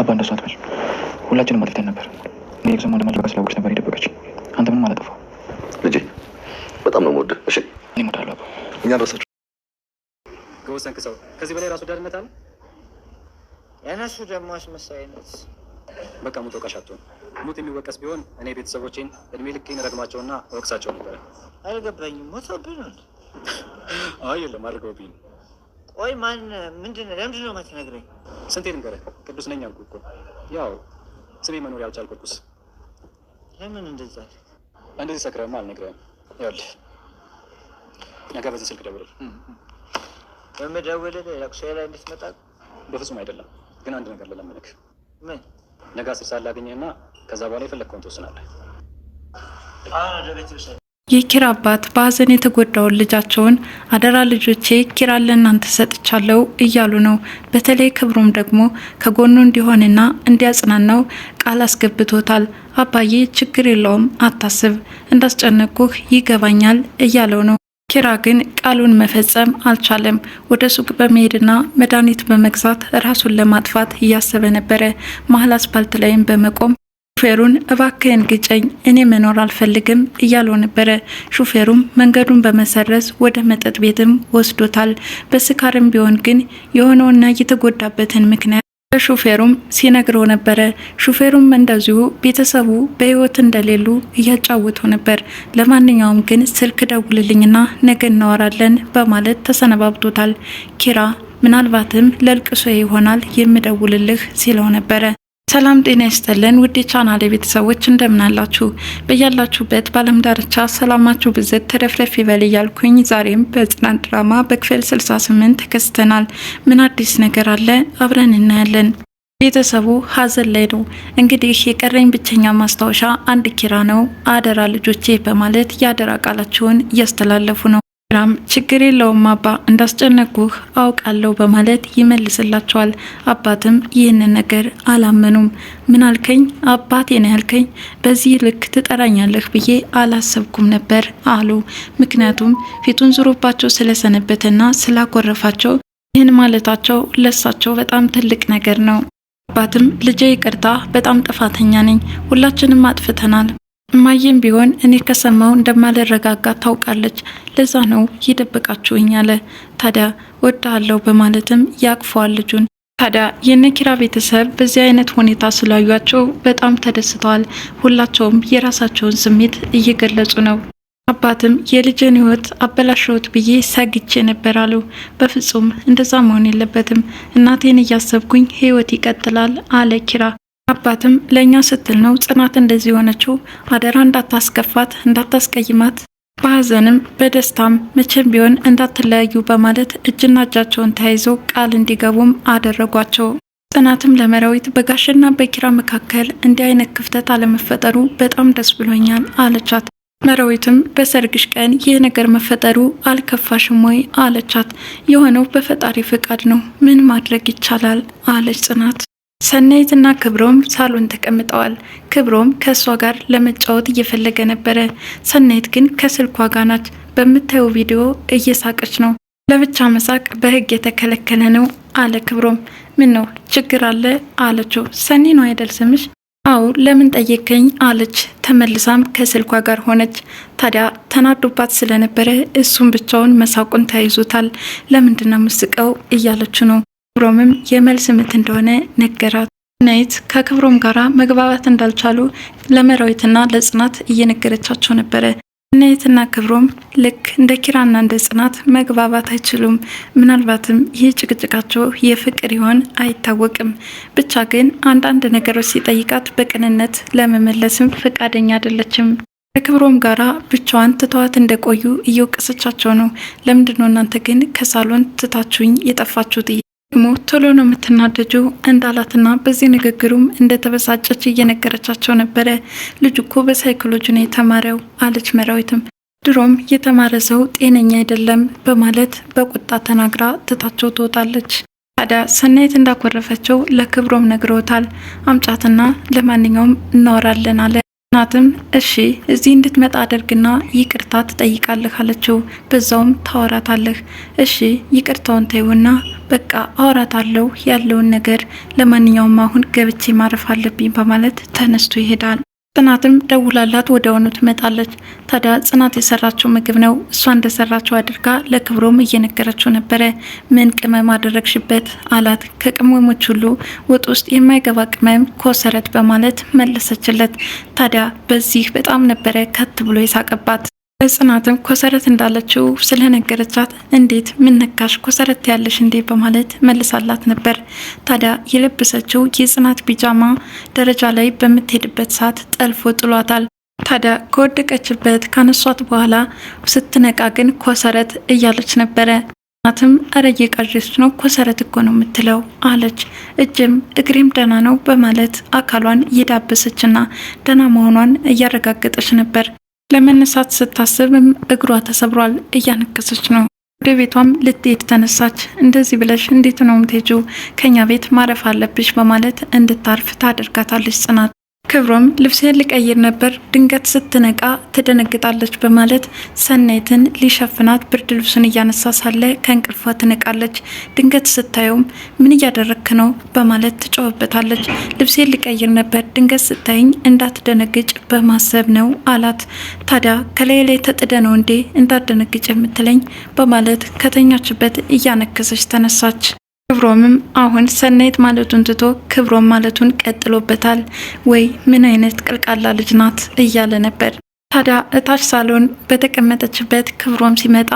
አባ እንደሱ አትበል። ሁላችንም አጥፍተን ነበር። እኔ ኤግዛም እንደማልበቃ ስላወቀች ነበር የደበቀች። አንተ ምንም አላጠፋህም ልጅ፣ በጣም ነው የምወደው። እሺ እኔ እምወድሃለሁ አባ። እኛ ረሳችሁ ከወሰንክ ሰው ከዚህ በላይ ራሱ ወዳድነት አለ። የእነሱ ደግሞ አስመሳይነት በቃ ሙት ወቃሽ አትሆን። ሙት የሚወቀስ ቢሆን እኔ ቤተሰቦቼን እድሜ ልኬን ረግማቸውና ወቅሳቸው ነበረ። አይገባኝም። ሞተብን። አይ የለም አድርገውብኝ ቆይ ማን ምንድን ነው? ለምንድን ነው የማትነግረኝ? ስንቴ ንገረህ? ቅዱስ ነኝ አልኩህ እኮ ያው ስሜ መኖሪያ አውጪ አልኩህ። ቅዱስ ለምን እንደዛ እንደዚህ ሰክረህማ አልነግረህም። ይኸውልህ እኛ ጋር በዚህ ስልክ ደውልል። በመደወልህ ለቅሶ ላይ እንድትመጣ በፍጹም አይደለም። ግን አንድ ነገር ልለምንህ። ምን? ነገ አስር ሰዓት ላገኘህ ከዛ በኋላ የፈለግከውን ትወስናለህ። አሁን ወደ ቤት የኪራ አባት በሀዘን የተጎዳውን ልጃቸውን አደራ ልጆቼ ኪራ ለእናንተ ሰጥቻለሁ እያሉ ነው። በተለይ ክብሩም ደግሞ ከጎኑ እንዲሆንና እንዲያጽናናው ቃል አስገብቶታል። አባዬ ችግር የለውም አታስብ፣ እንዳስጨነቁህ ይገባኛል እያለው ነው። ኪራ ግን ቃሉን መፈጸም አልቻለም። ወደ ሱቅ በመሄድና መድኃኒት በመግዛት ራሱን ለማጥፋት እያሰበ ነበረ። መሀል አስፓልት ላይም በመቆም ሹፌሩን እባክህን ግጨኝ፣ እኔ መኖር አልፈልግም እያለው ነበረ። ሹፌሩም መንገዱን በመሰረዝ ወደ መጠጥ ቤትም ወስዶታል። በስካርም ቢሆን ግን የሆነውና የተጎዳበትን ምክንያት በሹፌሩም ሲነግረው ነበረ። ሹፌሩም እንደዚሁ ቤተሰቡ በህይወት እንደሌሉ እያጫወተው ነበር። ለማንኛውም ግን ስልክ ደውልልኝና ነገ እናወራለን በማለት ተሰነባብቶታል። ኪራ ምናልባትም ለልቅሶ ይሆናል የምደውልልህ ሲለው ነበረ። ሰላም ጤና ይስጥልን ውድ የቻናሌ ቤተሰቦች እንደምናላችሁ በያላችሁበት በዓለም ዳርቻ ሰላማችሁ ብዘት ተረፍረፍ ይበል እያልኩኝ ዛሬም በጽናት ድራማ በክፍል 68 ተከስተናል። ምን አዲስ ነገር አለ? አብረን እናያለን። ቤተሰቡ ሀዘን ላይ ነው። እንግዲህ የቀረኝ ብቸኛ ማስታወሻ አንድ ኪራ ነው። አደራ ልጆቼ በማለት የአደራ ቃላቸውን እያስተላለፉ ነው። ራም ችግር የለውም አባ እንዳስጨነቁህ አውቃለሁ በማለት ይመልስላቸዋል። አባትም ይህንን ነገር አላመኑም። ምን አልከኝ? ን ያልከኝ በዚህ ልክ ትጠራኛለህ ብዬ አላሰብኩም ነበር አሉ። ምክንያቱም ፊቱን ዙሮባቸው ስለሰነበተና ስላኮረፋቸው ይህን ማለታቸው ለሳቸው በጣም ትልቅ ነገር ነው። አባትም ልጄ ይቅርታ፣ በጣም ጥፋተኛ ነኝ፣ ሁላችንም አጥፍተናል እማዬም ቢሆን እኔ ከሰማው እንደማልረጋጋ ታውቃለች። ለዛ ነው ይደብቃችሁኝ አለ። ታዲያ ወዳለው በማለትም ያቅፈዋል ልጁን። ታዲያ የነኪራ ቤተሰብ በዚህ አይነት ሁኔታ ስላዩቸው በጣም ተደስተዋል። ሁላቸውም የራሳቸውን ስሜት እየገለጹ ነው። አባትም የልጅን ህይወት አበላሸሁት ብዬ ሰግቼ ነበር አሉ። በፍጹም እንደዛ መሆን የለበትም እናቴን እያሰብኩኝ ህይወት ይቀጥላል አለ ኪራ። አባትም ለእኛ ስትል ነው ጽናት እንደዚህ የሆነችው፣ አደራ እንዳታስከፋት፣ እንዳታስቀይማት፣ በሀዘንም በደስታም መቼም ቢሆን እንዳትለያዩ በማለት እጅና እጃቸውን ተያይዘው ቃል እንዲገቡም አደረጓቸው። ጽናትም ለመራዊት በጋሽና በኪራ መካከል እንዲህ አይነት ክፍተት አለመፈጠሩ በጣም ደስ ብሎኛል አለቻት። መራዊትም በሰርግሽ ቀን ይህ ነገር መፈጠሩ አልከፋሽም ወይ አለቻት። የሆነው በፈጣሪ ፍቃድ ነው፣ ምን ማድረግ ይቻላል አለች ጽናት። ሰናይትና ክብሮም ሳሎን ተቀምጠዋል። ክብሮም ከእሷ ጋር ለመጫወት እየፈለገ ነበረ። ሰናይት ግን ከስልኳ ጋር ናት። በምታየው ቪዲዮ እየሳቀች ነው። ለብቻ መሳቅ በህግ የተከለከለ ነው አለ ክብሮም። ምን ነው ችግር አለ አለችው። ሰኒ ነው አይደል ስምሽ? አዎ ለምን ጠየከኝ አለች። ተመልሳም ከስልኳ ጋር ሆነች። ታዲያ ተናዶባት ስለነበረ እሱም ብቻውን መሳቁን ተያይዞታል። ለምንድነው ምስቀው እያለች ነው ክብሮምም የመልስ ምት እንደሆነ ነገራት። ናይት ከክብሮም ጋራ መግባባት እንዳልቻሉ ለመራዊትና ለጽናት እየነገረቻቸው ነበረ። ናይትና ክብሮም ልክ እንደ ኪራና እንደ ጽናት መግባባት አይችሉም። ምናልባትም ይህ ጭቅጭቃቸው የፍቅር ይሆን አይታወቅም። ብቻ ግን አንዳንድ ነገሮች ሲጠይቃት በቅንነት ለመመለስም ፈቃደኛ አይደለችም። ከክብሮም ጋራ ብቻዋን ትተዋት እንደቆዩ እየወቀሰቻቸው ነው። ለምንድነው እናንተ ግን ከሳሎን ትታችሁኝ የጠፋችሁት? ደግሞ ቶሎ ነው የምትናደጁ እንዳላትና በዚህ ንግግሩም እንደተበሳጨች እየነገረቻቸው ነበረ። ልጁ እኮ በሳይኮሎጂ ነው የተማረው አለች መራዊትም። ድሮም የተማረ ሰው ጤነኛ አይደለም በማለት በቁጣ ተናግራ ትታቸው ትወጣለች። ታዲያ ሰናይት እንዳኮረፈቸው ለክብሮም ነግረውታል። አምጫትና ለማንኛውም እናወራለን አለ። ናትም እሺ እዚህ እንድትመጣ አድርግና ይቅርታ ትጠይቃለህ አለችው። በዛውም ታወራታለህ። እሺ ይቅርታውን ተይውና በቃ አወራታለሁ ያለውን ነገር፣ ለማንኛውም አሁን ገብቼ ማረፍ አለብኝ በማለት ተነስቶ ይሄዳል። ጽናትም ደውላላት ሆኑ ትመጣለች። ታዲያ ጽናት የሰራችው ምግብ ነው። እሷ እንደሰራችው አድርጋ ለክብሮም እየነገረችው ነበረ። ምን ቅመም አደረግሽበት አላት። ከቅመሞች ሁሉ ወጥ ውስጥ የማይገባ ቅመም ኮሰረት በማለት መለሰችለት። ታዲያ በዚህ በጣም ነበረ ከት ብሎ የሳቀባት። ጽናትም ኮሰረት እንዳለችው ስለነገረቻት እንዴት ምነካሽ ኮሰረት ያለሽ እንዴ በማለት መልሳላት ነበር። ታዲያ የለበሰችው የጽናት ቢጃማ ደረጃ ላይ በምትሄድበት ሰዓት ጠልፎ ጥሏታል። ታዲያ ከወደቀችበት ካነሷት በኋላ ስትነቃ ግን ኮሰረት እያለች ነበረ። ጽናትም እረ እየቃዠች ነው ኮሰረት እኮ ነው የምትለው አለች። እጅም እግሬም ደህና ነው በማለት አካሏን እየዳበሰችና ደህና መሆኗን እያረጋገጠች ነበር። ለመነሳት ስታስብም እግሯ ተሰብሯል፣ እያነከሰች ነው። ወደ ቤቷም ልትሄድ ተነሳች። እንደዚህ ብለሽ እንዴት ነው ምትሄጂው? ከኛ ቤት ማረፍ አለብሽ በማለት እንድታርፍ ታደርጋታለች ጽናት ክብሮም ልብሴን ልቀይር ነበር ድንገት ስትነቃ ትደነግጣለች በማለት ሰናይትን ሊሸፍናት ብርድ ልብሱን እያነሳ ሳለ ከእንቅልፏ ትነቃለች። ድንገት ስታየውም ምን እያደረክ ነው በማለት ትጮህበታለች። ልብሴን ልቀይር ነበር ድንገት ስታይኝ እንዳትደነግጭ በማሰብ ነው አላት። ታዲያ ከላይ ላይ ተጥደ ነው እንዴ እንዳትደነግጭ የምትለኝ በማለት ከተኛችበት እያነከሰች ተነሳች። ክብሮምም አሁን ሰናይት ማለቱን ትቶ ክብሮም ማለቱን ቀጥሎበታል። ወይ ምን አይነት ቀልቃላ ልጅ ናት እያለ ነበር። ታዲያ እታች ሳሎን በተቀመጠችበት ክብሮም ሲመጣ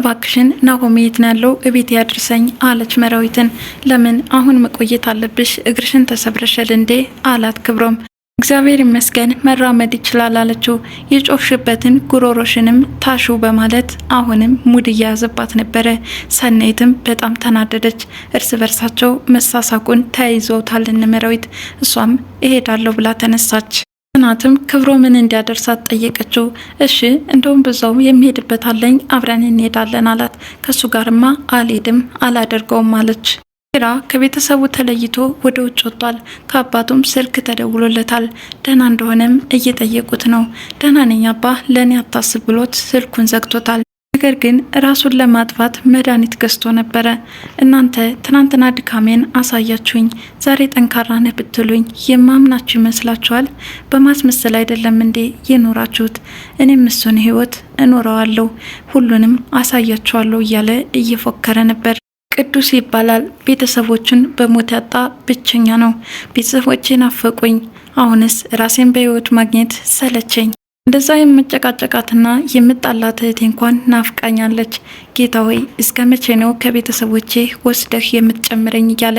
እባክሽን ናሆሜ የት ነው ያለው? እቤት ያድርሰኝ አለች መራዊትን። ለምን አሁን መቆየት አለብሽ? እግርሽን ተሰብረሻል እንዴ? አላት ክብሮም እግዚአብሔር ይመስገን መራመድ ይችላል አለችው። የጮፍሽበትን ጉሮሮሽንም ታሹ በማለት አሁንም ሙድ እያያዘባት ነበረ። ሰናይትም በጣም ተናደደች። እርስ በርሳቸው መሳሳቁን ተያይዘውታል ንመረዊት እሷም እሄዳለሁ ብላ ተነሳች። ጽናትም ክብሮ ምን እንዲያደርሳት ጠየቀችው። እሺ እንደውም ብዙው የሚሄድበት አለኝ አብረን እንሄዳለን አላት። ከእሱ ጋርማ አልሄድም አላደርገውም አለች። ኪራ ከቤተሰቡ ተለይቶ ወደ ውጭ ወጥቷል። ከአባቱም ስልክ ተደውሎለታል። ደህና እንደሆነም እየጠየቁት ነው። ደህና ነኝ አባ፣ ለእኔ አታስብ ብሎት ስልኩን ዘግቶታል። ነገር ግን ራሱን ለማጥፋት መድኃኒት ገዝቶ ነበረ። እናንተ ትናንትና ድካሜን አሳያችሁኝ፣ ዛሬ ጠንካራ ነህ ብትሉኝ የማምናችሁ ይመስላችኋል? በማስመሰል አይደለም እንዴ የኖራችሁት? እኔም እሱን ህይወት እኖረዋለሁ፣ ሁሉንም አሳያችኋለሁ እያለ እየፎከረ ነበር። ቅዱስ ይባላል። ቤተሰቦቹን በሞት ያጣ ብቸኛ ነው። ቤተሰቦቼ ናፈቁኝ። አሁንስ ራሴን በህይወት ማግኘት ሰለቸኝ። እንደዛ የምጨቃጨቃትና የምጣላት እህቴ እንኳን ናፍቃኛለች። ጌታ ሆይ እስከ መቼ ነው ከቤተሰቦቼ ወስደህ የምትጨምረኝ? እያለ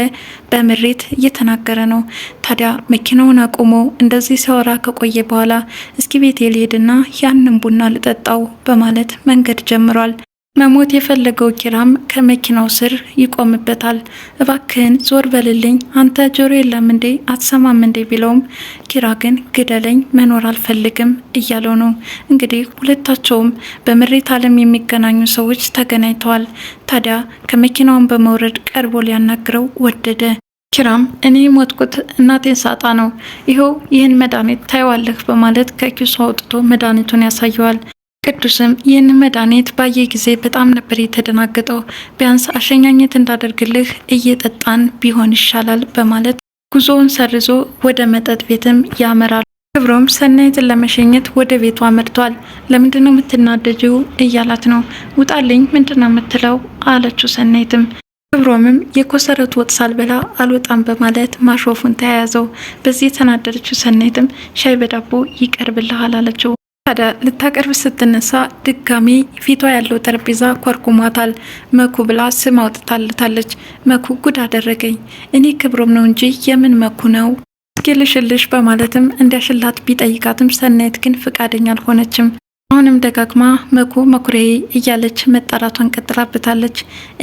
በምሬት እየተናገረ ነው። ታዲያ መኪናውን አቁሞ እንደዚህ ሲያወራ ከቆየ በኋላ እስኪ ቤቴ ልሄድና ያንን ቡና ልጠጣው በማለት መንገድ ጀምሯል። መሞት የፈለገው ኪራም ከመኪናው ስር ይቆምበታል። እባክህን ዞር በልልኝ አንተ ጆሮ የለም እንዴ አትሰማም እንዴ ቢለውም ኪራ ግን ግደለኝ መኖር አልፈልግም እያለው ነው። እንግዲህ ሁለታቸውም በምሬት ዓለም የሚገናኙ ሰዎች ተገናኝተዋል። ታዲያ ከመኪናውን በመውረድ ቀርቦ ሊያናግረው ወደደ። ኪራም እኔ ሞትኩት እናቴን ሳጣ ነው፣ ይኸው ይህን መድኃኒት ታይዋለህ በማለት ከኪሱ አውጥቶ መድኃኒቱን ያሳየዋል። ቅዱስም ይህንን መድኃኒት ባየ ጊዜ በጣም ነበር የተደናገጠው። ቢያንስ አሸኛኘት እንዳደርግልህ እየጠጣን ቢሆን ይሻላል በማለት ጉዞውን ሰርዞ ወደ መጠጥ ቤትም ያመራል። ክብሮም ሰናይትን ለመሸኘት ወደ ቤቷ መርቷል። ለምንድነው የምትናደጂው እያላት ነው። ውጣልኝ ምንድነው የምትለው አለችው ሰናይትም። ክብሮምም የኮሰረት ወጥ ሳልበላ አልወጣም በማለት ማሾፉን ተያያዘው። በዚህ የተናደደችው ሰናይትም ሻይ በዳቦ ይቀርብልሃል አለችው። ታዲያ ልታቀርብ ስትነሳ ድጋሚ ፊቷ ያለው ጠረጴዛ ኮርኩሟታል። መኩ ብላ ስም አውጥታለታለች። መኩ ጉድ አደረገኝ፣ እኔ ክብሮም ነው እንጂ የምን መኩ ነው እስኪ በማለትም እንዲያሽላት ቢጠይቃትም ሰናይት ግን ፍቃደኛ አልሆነችም። አሁንም ደጋግማ መኩ መኩሬ እያለች መጣራቷን ቀጥላበታለች።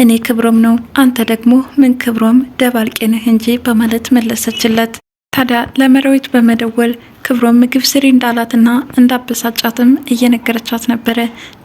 እኔ ክብሮም ነው አንተ ደግሞ ምን ክብሮም ደባልቄ ነህ እንጂ በማለት መለሰችለት። ታዲያ ለመራዊት በመደወል ክብሮም ምግብ ስሪ እንዳላትና እንዳበሳጫትም እየነገረቻት ነበረ።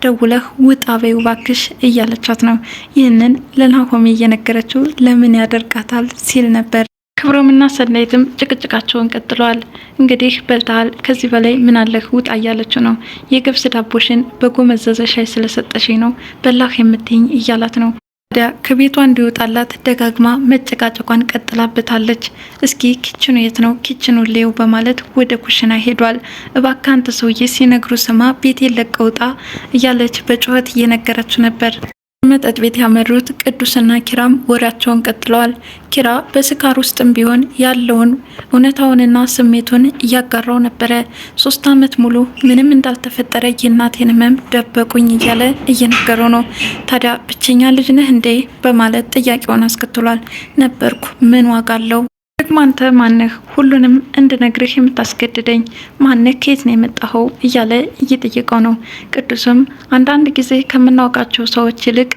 ደውለህ ውጣ በይ ባክሽ እያለቻት ነው። ይህንን ለናሆሜ እየነገረችው ለምን ያደርጋታል ሲል ነበር። ክብሮምና ሰናይትም ጭቅጭቃቸውን ቀጥለዋል። እንግዲህ በልተሃል፣ ከዚህ በላይ ምን አለህ ውጣ እያለችው ነው። የገብስ ዳቦሽን በጎመዘዘ ሻይ ስለሰጠሽኝ ነው በላህ የምትኝ እያላት ነው። ታዲያ ከቤቷ እንዲወጣላት ደጋግማ መጨቃጨቋን ቀጥላበታለች። እስኪ ኪችኑ የት ነው ኪችኑ ሌው በማለት ወደ ኩሽና ሄዷል። እባካንተ ሰውዬ ሲነግሩ ስማ ቤቴን ለቀውጣ እያለች በጩኸት እየነገረችው ነበር። መጠጥ ቤት ያመሩት ቅዱስና ኪራም ወሬያቸውን ቀጥለዋል። ኪራ በስካር ውስጥም ቢሆን ያለውን እውነታውንና ስሜቱን እያጋራው ነበረ። ሶስት ዓመት ሙሉ ምንም እንዳልተፈጠረ የእናቴን ህመም ደበቁኝ እያለ እየነገረው ነው። ታዲያ ብቸኛ ልጅ ነህ እንዴ በማለት ጥያቄውን አስከትሏል። ነበርኩ ምን ዋጋ አለው ደግሞ አንተ ማነህ ሁሉንም እንድነግርህ የምታስገድደኝ ማነህ ከየት ነው የመጣኸው እያለ እየጠየቀው ነው ቅዱስም አንዳንድ ጊዜ ከምናውቃቸው ሰዎች ይልቅ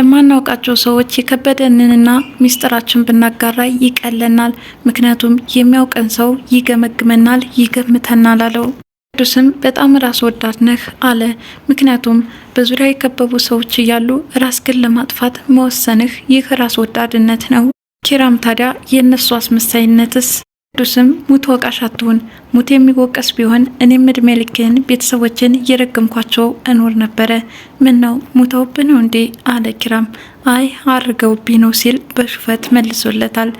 ለማናውቃቸው ሰዎች የከበደንንና ሚስጥራችን ብናጋራ ይቀለናል ምክንያቱም የሚያውቀን ሰው ይገመግመናል ይገምተናል አለው ቅዱስም በጣም ራስ ወዳድ ነህ አለ ምክንያቱም በዙሪያ የከበቡ ሰዎች እያሉ ራስ ግን ለማጥፋት መወሰንህ ይህ ራስ ወዳድነት ነው ኪራም ታዲያ የእነሱ አስመሳይነትስ ቅዱስም ሙት ወቃሽ አትሁን፣ ሙት የሚወቀስ ቢሆን እኔም እድሜ ልክህን ቤተሰቦችን እየረገምኳቸው እኖር ነበረ። ምን ነው ሙተውብ ነው እንዴ አለ ኪራም። አይ አርገውብኝ ነው ሲል በሹፈት መልሶለታል።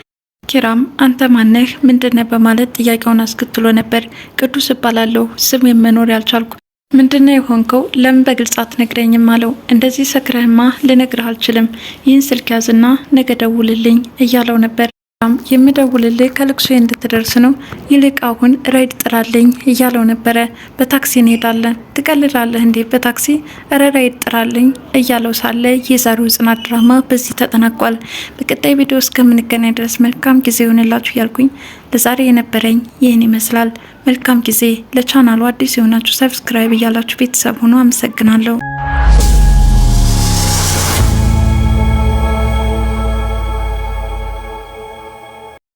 ኪራም አንተ ማነህ ምንድነህ በማለት ጥያቄውን አስከትሎ ነበር። ቅዱስ እባላለሁ ስም የመኖር ያልቻልኩ ምንድነው የሆንከው? ለምን በግልጽ አትነግረኝም? አለው። እንደዚህ ሰክረህማ ልነግርህ አልችልም። ይህን ስልክ ያዝና ነገ ደውልልኝ እያለው ነበር። ም የምደውልልህ ከልቅሶ እንድትደርስ ነው። ይልቅ አሁን ራይድ ጥራልኝ እያለው ነበረ። በታክሲ እንሄዳለን። ትቀልላለህ እንዴ? በታክሲ ረ ራይድ ጥራልኝ እያለው ሳለ የዛሬው ጽናት ድራማ በዚህ ተጠናቋል። በቀጣይ ቪዲዮ እስከምንገናኝ ድረስ መልካም ጊዜ ይሆንላችሁ እያልኩኝ ለዛሬ የነበረኝ ይህን ይመስላል። መልካም ጊዜ። ለቻናሉ አዲስ የሆናችሁ ሰብስክራይብ እያላችሁ ቤተሰብ ሆኖ አመሰግናለሁ።